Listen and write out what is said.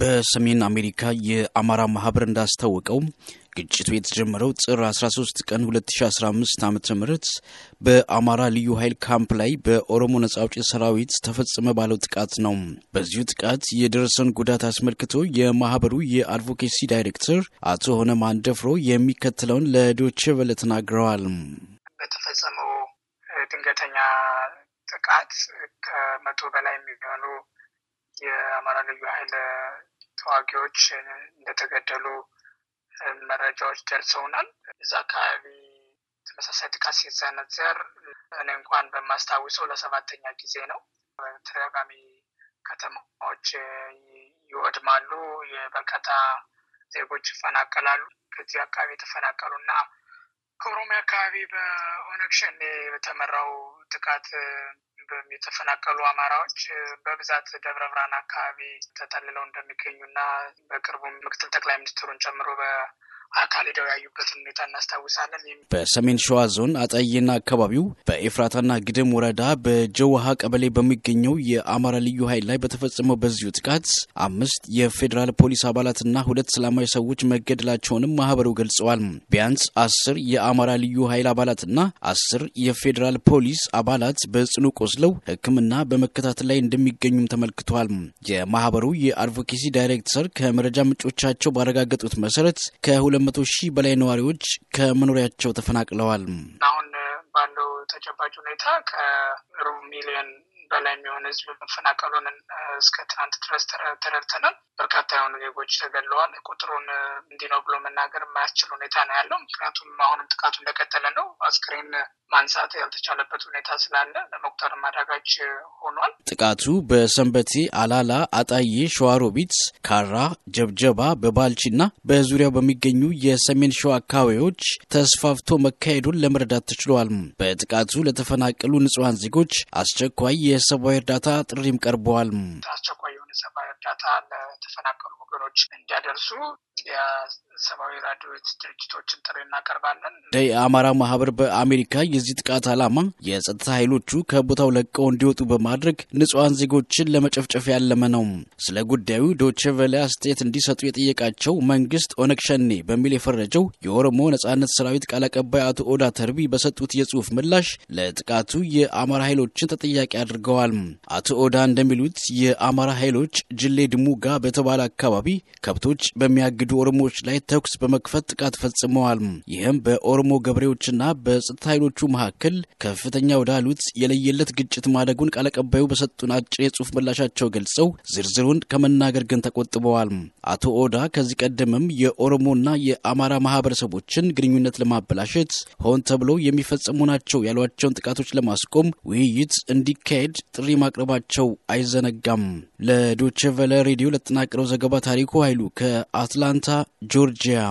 በሰሜን አሜሪካ የአማራ ማህበር እንዳስታወቀው ግጭቱ የተጀመረው ጥር 13 ቀን 2015 ዓ ም በአማራ ልዩ ኃይል ካምፕ ላይ በኦሮሞ ነጻ አውጪ ሰራዊት ተፈጸመ ባለው ጥቃት ነው። በዚሁ ጥቃት የደረሰን ጉዳት አስመልክቶ የማህበሩ የአድቮኬሲ ዳይሬክተር አቶ ሆነ ማንደፍሮ የሚከተለውን ለዶቼ ቬለ ተናግረዋል። በተፈጸመው ድንገተኛ ጥቃት ከመቶ በላይ የሚሆኑ የአማራ ልዩ ኃይል ተዋጊዎች እንደተገደሉ መረጃዎች ደርሰውናል። እዛ አካባቢ ተመሳሳይ ጥቃት ሲዘነዘር እኔ እንኳን በማስታውሰው ለሰባተኛ ጊዜ ነው። ተደጋጋሚ ከተማዎች ይወድማሉ፣ የበርካታ ዜጎች ይፈናቀላሉ። ከዚህ አካባቢ የተፈናቀሉ እና ከኦሮሚያ አካባቢ በኦነግ ሸኔ በተመራው ጥቃት የተፈናቀሉ አማራዎች በብዛት ደብረ ብርሃን አካባቢ ተጠልለው እንደሚገኙና በቅርቡም ምክትል ጠቅላይ ሚኒስትሩን ጨምሮ በአካል ሄደው ያዩበትን ሁኔታ እናስታውሳለን። በሰሜን ሸዋ ዞን አጣዬና አካባቢው በኤፍራታና ግድም ወረዳ በጀውሃ ቀበሌ በሚገኘው የአማራ ልዩ ኃይል ላይ በተፈጸመው በዚሁ ጥቃት አምስት የፌዴራል ፖሊስ አባላትና ሁለት ሰላማዊ ሰዎች መገደላቸውንም ማህበሩ ገልጸዋል። ቢያንስ አስር የአማራ ልዩ ኃይል አባላትና አስር የፌዴራል ፖሊስ አባላት በጽኑ ቆስለው ሕክምና በመከታተል ላይ እንደሚገኙም ተመልክቷል። የማህበሩ የአድቮኬሲ ዳይሬክተር ከመረጃ ምንጮቻቸው ባረጋገጡት መሰረት ከ200 ሺህ በላይ ነዋሪዎች ከመኖሪያቸው ተፈናቅለዋል። አሁን ባለው ተጨባጭ ሁኔታ ከሩብ ሚሊዮን በላይ የሚሆን ህዝብ መፈናቀሉን እስከ ትናንት ድረስ ተረድተናል። በርካታ የሆኑ ዜጎች ተገለዋል። ቁጥሩን እንዲህ ነው ብሎ መናገር የማያስችል ሁኔታ ነው ያለው። ምክንያቱም አሁንም ጥቃቱ እንደቀጠለ ነው። አስክሬን ማንሳት ያልተቻለበት ሁኔታ ስላለ ለመቁጠር አዳጋች ሆኗል። ጥቃቱ በሰንበቴ፣ አላላ፣ አጣዬ፣ ሸዋሮቢት፣ ካራ፣ ጀብጀባ፣ በባልቺ እና በዙሪያው በሚገኙ የሰሜን ሸዋ አካባቢዎች ተስፋፍቶ መካሄዱን ለመረዳት ተችሏል። በጥቃቱ ለተፈናቀሉ ንጹሐን ዜጎች አስቸኳይ የሰብአዊ እርዳታ ጥሪም ቀርበዋል። አስቸኳይ የሆነ ሰብአዊ እርዳታ ለተፈናቀሉ ወገኖች እንዲያደርሱ የሰብአዊ ራዲዮት ድርጅቶችን ጥሪ እናቀርባለን። የአማራ ማህበር በአሜሪካ የዚህ ጥቃት ዓላማ የጸጥታ ኃይሎቹ ከቦታው ለቀው እንዲወጡ በማድረግ ንጹሐን ዜጎችን ለመጨፍጨፍ ያለመ ነው። ስለ ጉዳዩ ዶቼ ቬለ አስተያየት እንዲሰጡ የጠየቃቸው መንግስት ኦነግ ሸኔ በሚል የፈረጀው የኦሮሞ ነጻነት ሰራዊት ቃል አቀባይ አቶ ኦዳ ተርቢ በሰጡት የጽሁፍ ምላሽ ለጥቃቱ የአማራ ኃይሎችን ተጠያቂ አድርገዋል። አቶ ኦዳ እንደሚሉት የአማራ ኃይሎች ጅሌ ድሙጋ በተባለ አካባቢ ከብቶች በሚያግዱ ኦሮሞዎች ላይ ተኩስ በመክፈት ጥቃት ፈጽመዋል። ይህም በኦሮሞ ገበሬዎችና በጸጥታ ኃይሎቹ መካከል ከፍተኛ ወዳሉት የለየለት ግጭት ማደጉን ቃል አቀባዩ በሰጡን አጭር የጽሁፍ ምላሻቸው ገልጸው ዝርዝሩን ከመናገር ግን ተቆጥበዋል። አቶ ኦዳ ከዚህ ቀደምም የኦሮሞና የአማራ ማህበረሰቦችን ግንኙነት ለማበላሸት ሆን ተብሎ የሚፈጸሙ ናቸው ያሏቸውን ጥቃቶች ለማስቆም ውይይት እንዲካሄድ ጥሪ ማቅረባቸው አይዘነጋም። ለዶቼ ዶቼ ሬዲዮ ለተጠናቀረው ዘገባ ታሪኩ ኃይሉ ከአትላንታ ጆርጂያ